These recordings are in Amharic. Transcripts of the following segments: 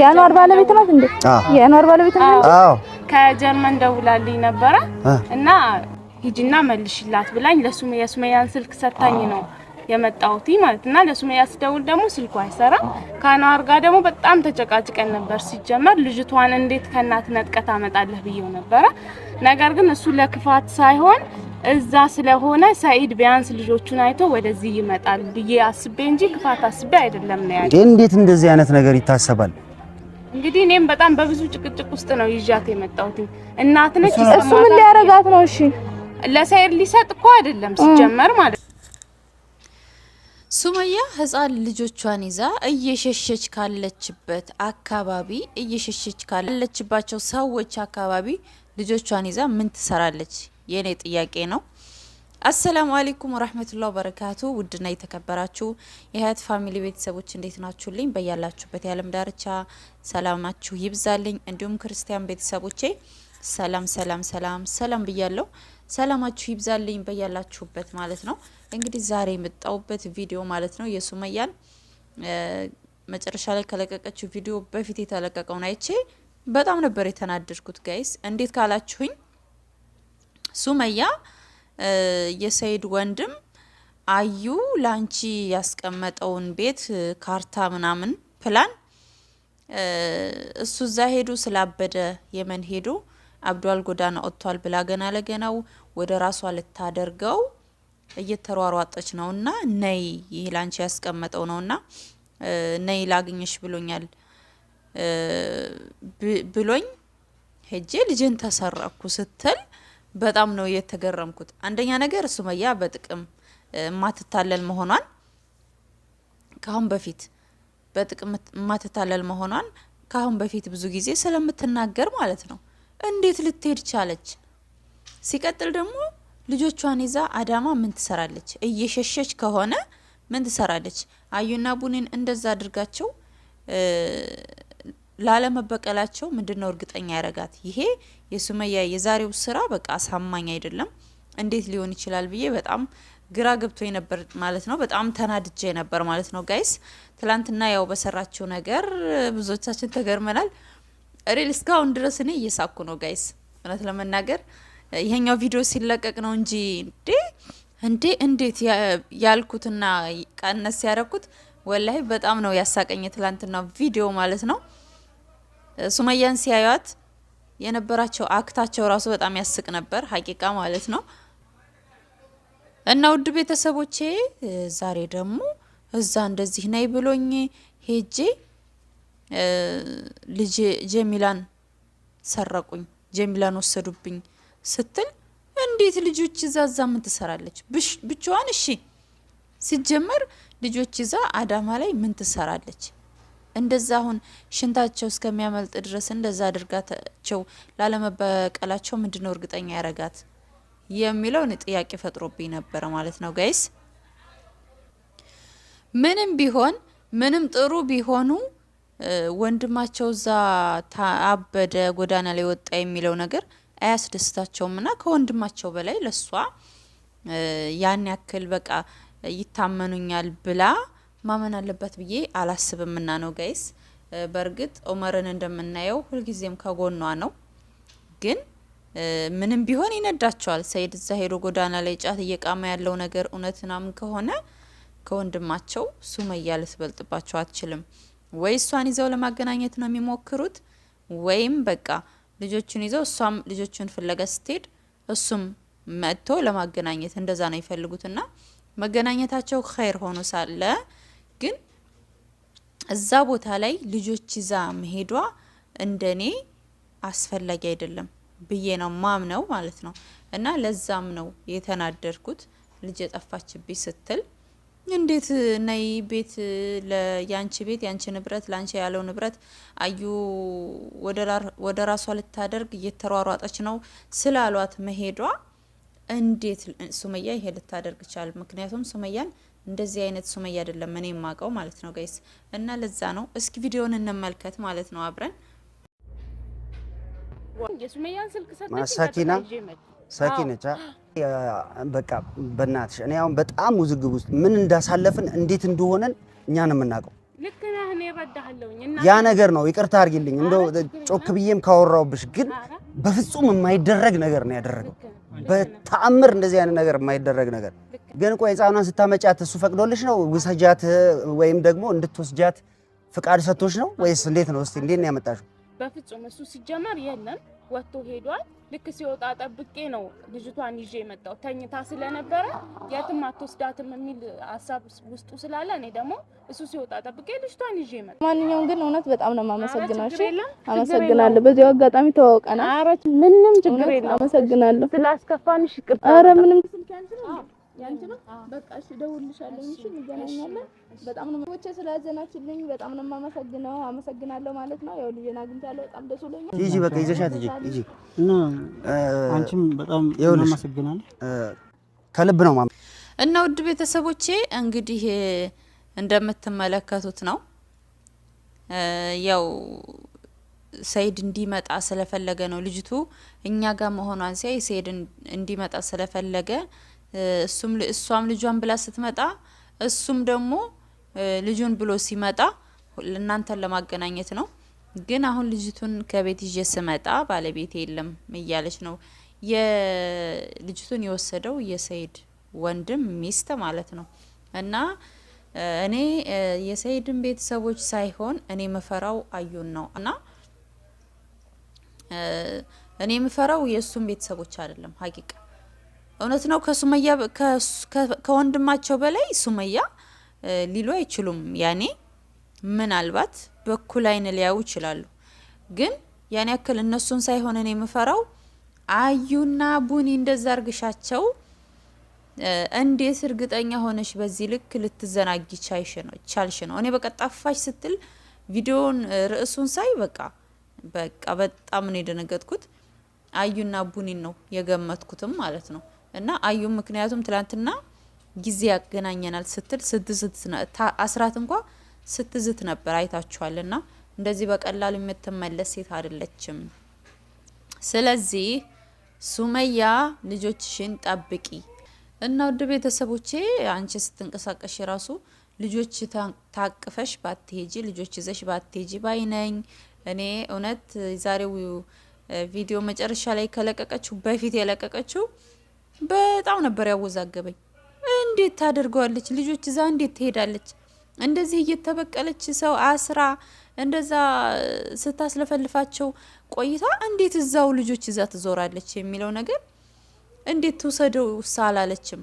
የአኗር ባለቤት ናት እንዴ? የአኗር ባለቤት ናት። አዎ ከጀርመን ደውላልኝ ነበረ እና ሂጂና መልሽላት ብላኝ ለሱመያ የሱመያን ስልክ ሰታኝ ነው የመጣሁት ማለት እና ለሱመያ ስደውል ደግሞ ስልኩ አይሰራም። ከአኗር ጋር ደግሞ በጣም ተጨቃጭቀን ነበር። ሲጀመር ልጅቷን እንዴት ከእናት ነጥቀት አመጣለህ ብየው ነበረ። ነገር ግን እሱ ለክፋት ሳይሆን እዛ ስለሆነ ሰኢድ ቢያንስ ልጆቹን አይቶ ወደዚህ ይመጣል ብዬ አስቤ እንጂ ክፋት አስቤ አይደለም ነው ያለው። እንዴት እንደዚህ አይነት ነገር ይታሰባል? እንግዲህ እኔም በጣም በብዙ ጭቅጭቅ ውስጥ ነው ይዣት የመጣሁት። እናት ነች። እሱ ምን ሊያረጋት ነው? እሺ ለሰይድ ሊሰጥ እኮ አይደለም ሲጀመር ማለት ሱመያ ህፃን ልጆቿን ይዛ እየሸሸች ካለችበት አካባቢ እየሸሸች ካለችባቸው ሰዎች አካባቢ ልጆቿን ይዛ ምን ትሰራለች? የኔ ጥያቄ ነው። አሰላሙ አሌይኩም ወራህመቱላሂ ወበረካቱ። ውድና የተከበራችሁ የሀያት ፋሚሊ ቤተሰቦች እንዴት ናችሁልኝ? በያላችሁበት የዓለም ዳርቻ ሰላማችሁ ይብዛልኝ። እንዲሁም ክርስቲያን ቤተሰቦቼ ሰላም ሰላም ሰላም ሰላም ብያለሁ። ሰላማችሁ ይብዛልኝ በያላችሁበት ማለት ነው። እንግዲህ ዛሬ የመጣውበት ቪዲዮ ማለት ነው የሱመያን መጨረሻ ላይ ከለቀቀችው ቪዲዮ በፊት የተለቀቀውን አይቼ በጣም ነበር የተናደድኩት ጋይስ። እንዴት ካላችሁኝ ሱመያ የሰይድ ወንድም አዩ ላንቺ ያስቀመጠውን ቤት ካርታ ምናምን ፕላን እሱ እዛ ሄዱ ስላበደ የመን ሄዱ አብዷል ጎዳና ወጥቷል ብላ ገና ለገናው ወደ ራሷ ልታደርገው እየተሯሯጠች ነው። እና ነይ ይህ ላንቺ ያስቀመጠው ነው እና ነይ ላግኝሽ ብሎኛል ብሎኝ ሄጄ ልጅን ተሰረቅኩ ስትል በጣም ነው የተገረምኩት። አንደኛ ነገር ሱመያ በጥቅም ማትታለል መሆኗን ካሁን በፊት በጥቅም ማትታለል መሆኗን ካሁን በፊት ብዙ ጊዜ ስለምትናገር ማለት ነው እንዴት ልትሄድ ቻለች? ሲቀጥል ደግሞ ልጆቿን ይዛ አዳማ ምን ትሰራለች? እየሸሸች ከሆነ ምን ትሰራለች? አዩና ቡኒን እንደዛ አድርጋቸው ላለመበቀላቸው ምንድን ነው እርግጠኛ ያረጋት? ይሄ የሱመያ የዛሬው ስራ በቃ አሳማኝ አይደለም። እንዴት ሊሆን ይችላል ብዬ በጣም ግራ ገብቶ ነበር ማለት ነው። በጣም ተናድጄ ነበር ማለት ነው። ጋይስ ትላንትና ያው በሰራችው ነገር ብዙዎቻችን ተገርመናል። ሪል እስካሁን ድረስ እኔ እየሳኩ ነው ጋይስ፣ እውነት ለመናገር ይሄኛው ቪዲዮ ሲለቀቅ ነው እንጂ እንዴ እንዴ እንዴት ያልኩትና ቀነስ ያረኩት ወላይ በጣም ነው ያሳቀኝ ትላንትና ቪዲዮ ማለት ነው። ሱመያን ሲያዩት የነበራቸው አክታቸው ራሱ በጣም ያስቅ ነበር፣ ሀቂቃ ማለት ነው። እና ውድ ቤተሰቦቼ ዛሬ ደግሞ እዛ እንደዚህ ነይ ብሎኝ ሄጄ ልጅ ጀሚላን ሰረቁኝ፣ ጀሚላን ወሰዱብኝ ስትል እንዴት ልጆች ይዛ እዛ ምን ትሰራለች ብቻዋን? እሺ ሲጀመር ልጆች ይዛ አዳማ ላይ ምን ትሰራለች? እንደዛ አሁን ሽንታቸው እስከሚያመልጥ ድረስ እንደዛ አድርጋቸው ላለመበቀላቸው ምንድነው እርግጠኛ ያረጋት የሚለውን ጥያቄ ፈጥሮብኝ ነበረ ማለት ነው ጋይስ። ምንም ቢሆን ምንም ጥሩ ቢሆኑ ወንድማቸው እዛ ታበደ ጎዳና ላይ ወጣ የሚለው ነገር አያስደስታቸውም እና ከወንድማቸው በላይ ለሷ ያን ያክል በቃ ይታመኑኛል ብላ ማመን አለበት ብዬ አላስብምና ነው ጋይስ። በእርግጥ ኦመርን እንደምናየው ሁልጊዜም ከጎኗ ነው፣ ግን ምንም ቢሆን ይነዳቸዋል። ሰይድ እዛ ሄዶ ጎዳና ላይ ጫት እየቃማ ያለው ነገር እውነት ምናምን ከሆነ ከወንድማቸው ሱመያ ልትበልጥባቸው አትችልም። ወይ እሷን ይዘው ለማገናኘት ነው የሚሞክሩት፣ ወይም በቃ ልጆቹን ይዘው እሷም ልጆቹን ፍለጋ ስትሄድ እሱም መጥቶ ለማገናኘት እንደዛ ነው ይፈልጉትና መገናኘታቸው ኸይር ሆኖ ሳለ እዛ ቦታ ላይ ልጆች ይዛ መሄዷ እንደኔ አስፈላጊ አይደለም ብዬ ነው ማምነው ማለት ነው። እና ለዛም ነው የተናደርኩት። ልጅ የጠፋችብኝ ስትል እንዴት ነይ ቤት ለያንቺ ቤት ያንቺ ንብረት ላንቺ ያለው ንብረት አዩ ወደ ራሷ ልታደርግ እየተሯሯጠች ነው ስላሏት መሄዷ እንዴት ሱመያ ይሄ ልታደርግ ይቻል? ምክንያቱም ሱመያን እንደዚህ አይነት ሱመያ አይደለም እኔ የማውቀው ማለት ነው ጋይስ። እና ለዛ ነው እስኪ ቪዲዮን እንመልከት ማለት ነው አብረን። ሳኪና ሳኪነቻ በቃ በእናትሽ እኔ አሁን በጣም ውዝግብ ውስጥ ምን እንዳሳለፍን እንዴት እንደሆነን እኛ ነው የምናውቀው። ያ ነገር ነው ይቅርታ አድርጊልኝ እንደው ጮክ ብዬም ካወራውብሽ፣ ግን በፍጹም የማይደረግ ነገር ነው ያደረገው በተአምር እንደዚህ አይነት ነገር የማይደረግ ነገር ግን፣ ቆይ ህፃኗን ስታመጫት እሱ ፈቅዶልሽ ነው ውሰጃት ወይም ደግሞ እንድትወስጃት ፍቃድ ሰቶች ነው ወይስ እንዴት ነው? እስቲ እንዴት ነው ያመጣሽው? በፍጹም እሱ ሲጀመር የለም ወጥቶ ሄዷል። ልክ ሲወጣ ጠብቄ ነው ልጅቷን ይዤ የመጣው ተኝታ ስለነበረ የትም አትወስዳትም የሚል ሀሳብ ውስጡ ስላለ እኔ ደግሞ እሱ ሲወጣ ጠብቄ ልጅቷን ይዤ መጣ። ማንኛውም ግን እውነት በጣም ነው የማመሰግነው። እሺ አመሰግናለሁ። በዚሁ አጋጣሚ ተዋውቀናል። ምንም ችግር የለም። አመሰግናለሁ ስላስከፋንሽ። ኧረ ምንም ያንቺ ነው። በቃ እሺ፣ እደውልልሻለሁ። እሺ፣ እንገናኛለን። በጣም ነው ወቸ ስላዘናችልኝ፣ በጣም ነው የማመሰግነው። አመሰግናለሁ ማለት ነው። ያው ልጄን አግኝቻለሁ፣ በጣም ደስ ብሎኛል። ሂጂ፣ በቃ ይዘሻት ሂጂ፣ ሂጂ። እና አንቺም በጣም እናመሰግናለን፣ ከልብ ነው ማም እና ውድ ቤተሰቦቼ እንግዲህ እንደምትመለከቱት ነው ያው ሰይድ እንዲመጣ ስለፈለገ ነው ልጅቱ እኛ ጋር መሆኗን ሲያይ ሰይድ እንዲመጣ ስለፈለገ እሷም ልጇን ብላ ስትመጣ እሱም ደግሞ ልጁን ብሎ ሲመጣ እናንተን ለማገናኘት ነው። ግን አሁን ልጅቱን ከቤት ይዤ ስመጣ ባለቤት የለም እያለች ነው። የልጅቱን የወሰደው የሰይድ ወንድም ሚስት ማለት ነው። እና እኔ የሰይድን ቤተሰቦች ሳይሆን እኔ ምፈራው አዩን ነው እና እኔ ምፈራው የእሱን ቤተሰቦች አይደለም ሀቂቃ እውነት ነው። ከሱመያ ከወንድማቸው በላይ ሱመያ ሊሉ አይችሉም። ያኔ ምናልባት በኩል አይን ሊያዩ ይችላሉ። ግን ያን ያክል እነሱን ሳይሆን እኔ የምፈራው አዩና ቡኒ እንደዛ እርግሻቸው እንዴት እርግጠኛ ሆነሽ በዚህ ልክ ልትዘናጊ ቻልሽ ነው። እኔ በቃ ጠፋሽ ስትል ቪዲዮውን ርዕሱን ሳይ በቃ በቃ በጣም ነው የደነገጥኩት። አዩና ቡኒን ነው የገመትኩትም ማለት ነው። እና አዩም ምክንያቱም ትላንትና ጊዜ ያገናኘናል ስትል ስትዝት አስራት እንኳ ስትዝት ነበር አይታችኋል። እና እንደዚህ በቀላሉ የምትመለስ ሴት አይደለችም። ስለዚህ ሱመያ ልጆችሽን ጠብቂ እና ውድ ቤተሰቦቼ አንቺ ስትንቀሳቀሽ ራሱ ልጆች ታቅፈሽ ባትሄጂ ልጆች ይዘሽ ባትሄጂ ባይነኝ። እኔ እውነት የዛሬው ቪዲዮ መጨረሻ ላይ ከለቀቀችው በፊት የለቀቀችው በጣም ነበር ያወዛገበኝ። እንዴት ታደርገዋለች? ልጆች እዛ እንዴት ትሄዳለች? እንደዚህ እየተበቀለች ሰው አስራ እንደዛ ስታስለፈልፋቸው ቆይታ እንዴት እዛው ልጆች እዛ ትዞራለች የሚለው ነገር እንዴት ትውሰደው ውሳ አላለችም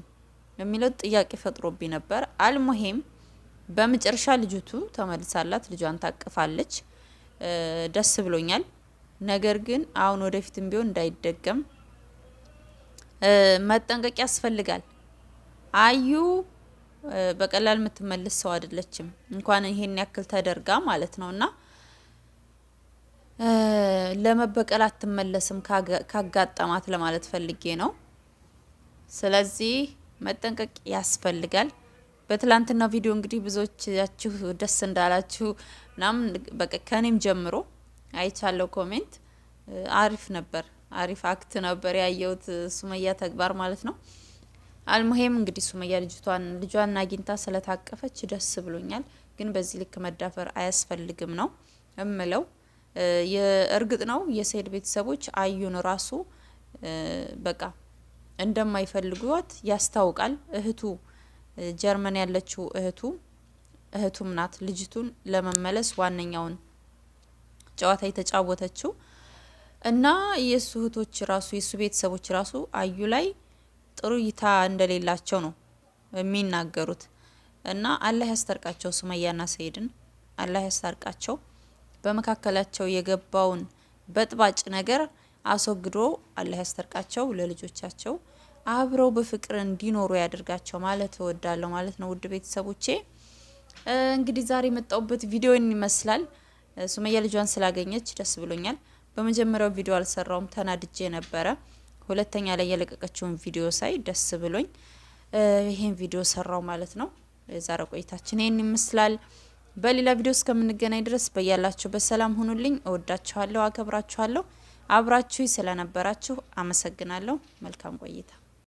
የሚለው ጥያቄ ፈጥሮብኝ ነበር። አልሙሄም በመጨረሻ ልጅቱ ተመልሳላት ልጇን ታቅፋለች። ደስ ብሎኛል። ነገር ግን አሁን ወደፊትም ቢሆን እንዳይደገም መጠንቀቅ ያስፈልጋል። አዩ በቀላል የምትመልስ ሰው አይደለችም። እንኳን ይሄን ያክል ተደርጋ ማለት ነው እና ለመበቀል አትመለስም ካጋጠማት ለማለት ፈልጌ ነው። ስለዚህ መጠንቀቅ ያስፈልጋል። በትላንትናው ቪዲዮ እንግዲህ ብዙዎቻችሁ ደስ እንዳላችሁ ምናምን በቃ ከኔም ጀምሮ አይቻለው ኮሜንት አሪፍ ነበር። አሪፍ አክት ነበር ያየሁት ሱመያ ተግባር ማለት ነው። አልሙሄም እንግዲህ ሱመያ ልጅቷን ልጇን አግኝታ ስለታቀፈች ደስ ብሎኛል። ግን በዚህ ልክ መዳፈር አያስፈልግም ነው እምለው። እርግጥ ነው የሴድ ቤተሰቦች አዩን ራሱ በቃ እንደማይፈልጓት ያስታውቃል። እህቱ ጀርመን ያለችው እህቱ እህቱም ናት ልጅቱን ለመመለስ ዋነኛውን ጨዋታ የተጫወተችው እና የእሱ እህቶች ራሱ የእሱ ቤተሰቦች ራሱ አዩ ላይ ጥሩ እይታ እንደሌላቸው ነው የሚናገሩት። እና አላህ ያስታርቃቸው ሱመያና ሰይድን አላህ ያስታርቃቸው። በመካከላቸው የገባውን በጥባጭ ነገር አስወግዶ አላህ ያስታርቃቸው። ለልጆቻቸው አብረው በፍቅር እንዲኖሩ ያደርጋቸው ማለት እወዳለሁ ማለት ነው። ውድ ቤተሰቦቼ እንግዲህ ዛሬ የመጣውበት ቪዲዮን ይመስላል። ሱመያ ልጇን ስላገኘች ደስ ብሎኛል። በመጀመሪያው ቪዲዮ አልሰራውም ተናድጄ ነበረ። ሁለተኛ ላይ የለቀቀችውን ቪዲዮ ሳይ ደስ ብሎኝ ይሄን ቪዲዮ ሰራው ማለት ነው። የዛሬ ቆይታችን ይህን ይመስላል። በሌላ ቪዲዮ እስከምንገናኝ ድረስ በያላችሁበት ሰላም ሁኑልኝ። እወዳችኋለሁ፣ አከብራችኋለሁ። አብራችሁ ስለነበራችሁ አመሰግናለሁ። መልካም ቆይታ